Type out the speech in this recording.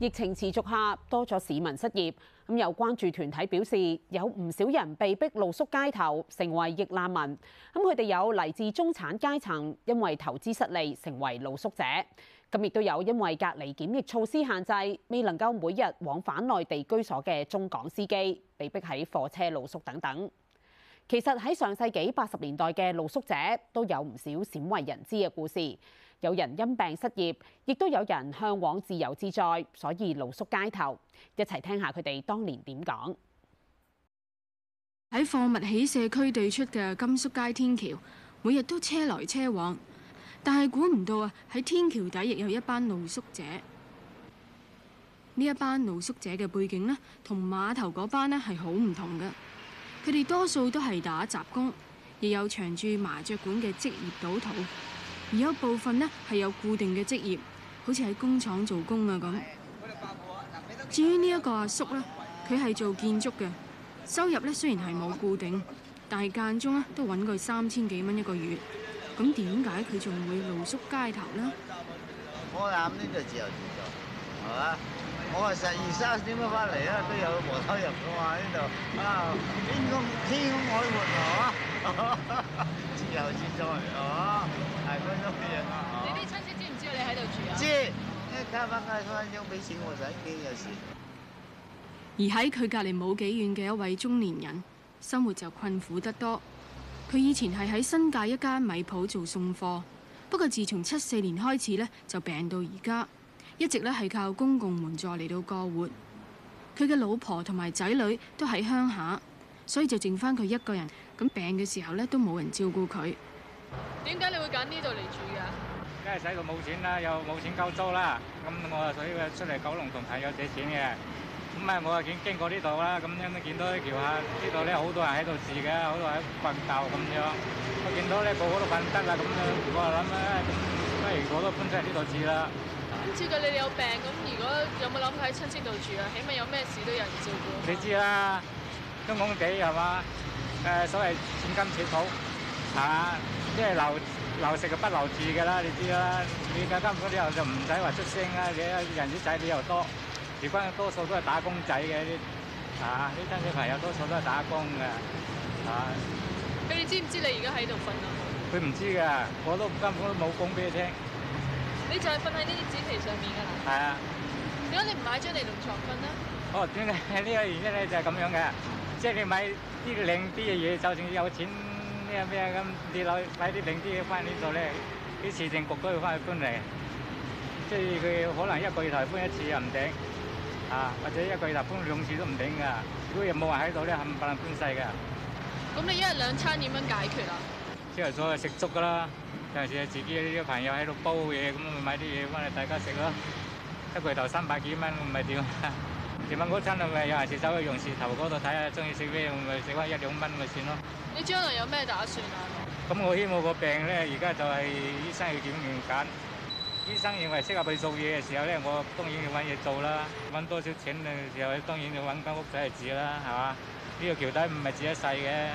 疫情持續下，多咗市民失業。咁有關注團體表示，有唔少人被逼露宿街頭，成為逆難民。咁佢哋有嚟自中產階層，因為投資失利成為露宿者。咁亦都有因為隔離檢疫措施限制，未能夠每日往返內地居所嘅中港司機，被逼喺貨車露宿等等。其實喺上世紀八十年代嘅露宿者都有唔少鮮為人知嘅故事，有人因病失業，亦都有人嚮往自由自在，所以露宿街頭。一齊聽下佢哋當年點講。喺貨物起社區對出嘅甘肅街天橋，每日都車來車往，但係估唔到啊！喺天橋底亦有一班露宿者。呢一班露宿者嘅背景呢，同碼頭嗰班呢係好唔同嘅。佢哋多數都係打雜工，亦有長住麻雀館嘅職業賭徒，而有部分呢，係有固定嘅職業，好似喺工廠做工啊咁。至於呢一個阿叔呢，佢係做建築嘅，收入呢雖然係冇固定，但係間中呢都揾佢三千幾蚊一個月。咁點解佢仲會露宿街頭呢？我諗呢就自由自在，我係十二三點都翻嚟啦，都有黃秋入嘅嘛，呢度。啊，天空，天空海闊，係自由自在，係大分鐘嘅嘢。你啲親戚知唔知道你喺度住啊？知。一家賓家親都俾錢我使，邊有事？而喺佢隔離冇幾遠嘅一位中年人，生活就困苦得多。佢以前係喺新界一間米鋪，做送貨，不過自從七四年開始咧，就病到而家。一直咧係靠公共援助嚟到過活，佢嘅老婆同埋仔女都喺鄉下，所以就剩翻佢一個人。咁病嘅時候咧都冇人照顧佢。點解你會揀呢度嚟住噶？梗係使到冇錢啦，又冇錢交租啦。咁我啊所以啊出嚟九龍同朋友借錢嘅。咁啊我啊見經過呢度啦，咁樣都見到啲橋下呢度咧好多人喺度住嘅，好多人瞓覺咁樣。我見到咧個個都瞓得啦咁樣，我啊諗咧不如我都搬出嚟呢度住啦。知佢，你哋有病咁，如果有冇諗佢喺親戚度住啊？起碼有咩事都有人照顧。你知啦，香港地係嘛？誒、啊，所謂寸金尺土，吓、啊，即係留留食就不留住噶啦，你知啦。你而家根本之人就唔使話出聲啦，你人啲仔女又多，結婚多數都係打工仔嘅，啊，啲親戚朋友多數都係打工嘅，啊。佢哋知唔知你而家喺度瞓啊？佢唔知噶，我都根本都冇講俾你聽。你就係瞓喺呢啲紙皮上面噶啦？係啊。如果你唔買張尼龍床瞓咧？哦，點解？呢個原因咧就係咁樣嘅，即係你買啲靚啲嘅嘢，就算有錢咩咩咁，你攞買啲靚啲嘢翻呢度咧，啲市政局都要翻去搬嚟，即係佢可能一個月頭搬一次又唔頂，啊，或者一個月頭搬兩次都唔頂噶，如果又冇話喺度咧，冚唪唥搬曬噶。咁你一日兩餐點樣解決啊？朝頭早係食粥噶啦。有陣時啊，自己啲朋友喺度煲嘢，咁咪買啲嘢翻嚟大家食咯。一攰頭三百幾蚊，唔係點？點蚊嗰餐啊，咪有陣時走去榕樹頭嗰度睇下，中意食咩，我咪食翻一兩蚊咪算咯。你將來有咩打算啊？咁我希望個病咧，而家就係醫生要檢驗緊。醫生認為適合去做嘢嘅時候咧，我當然要揾嘢做啦。揾多少錢嘅時候，又當然要揾間屋仔嚟住啦，係嘛？呢個橋底唔係住一世嘅。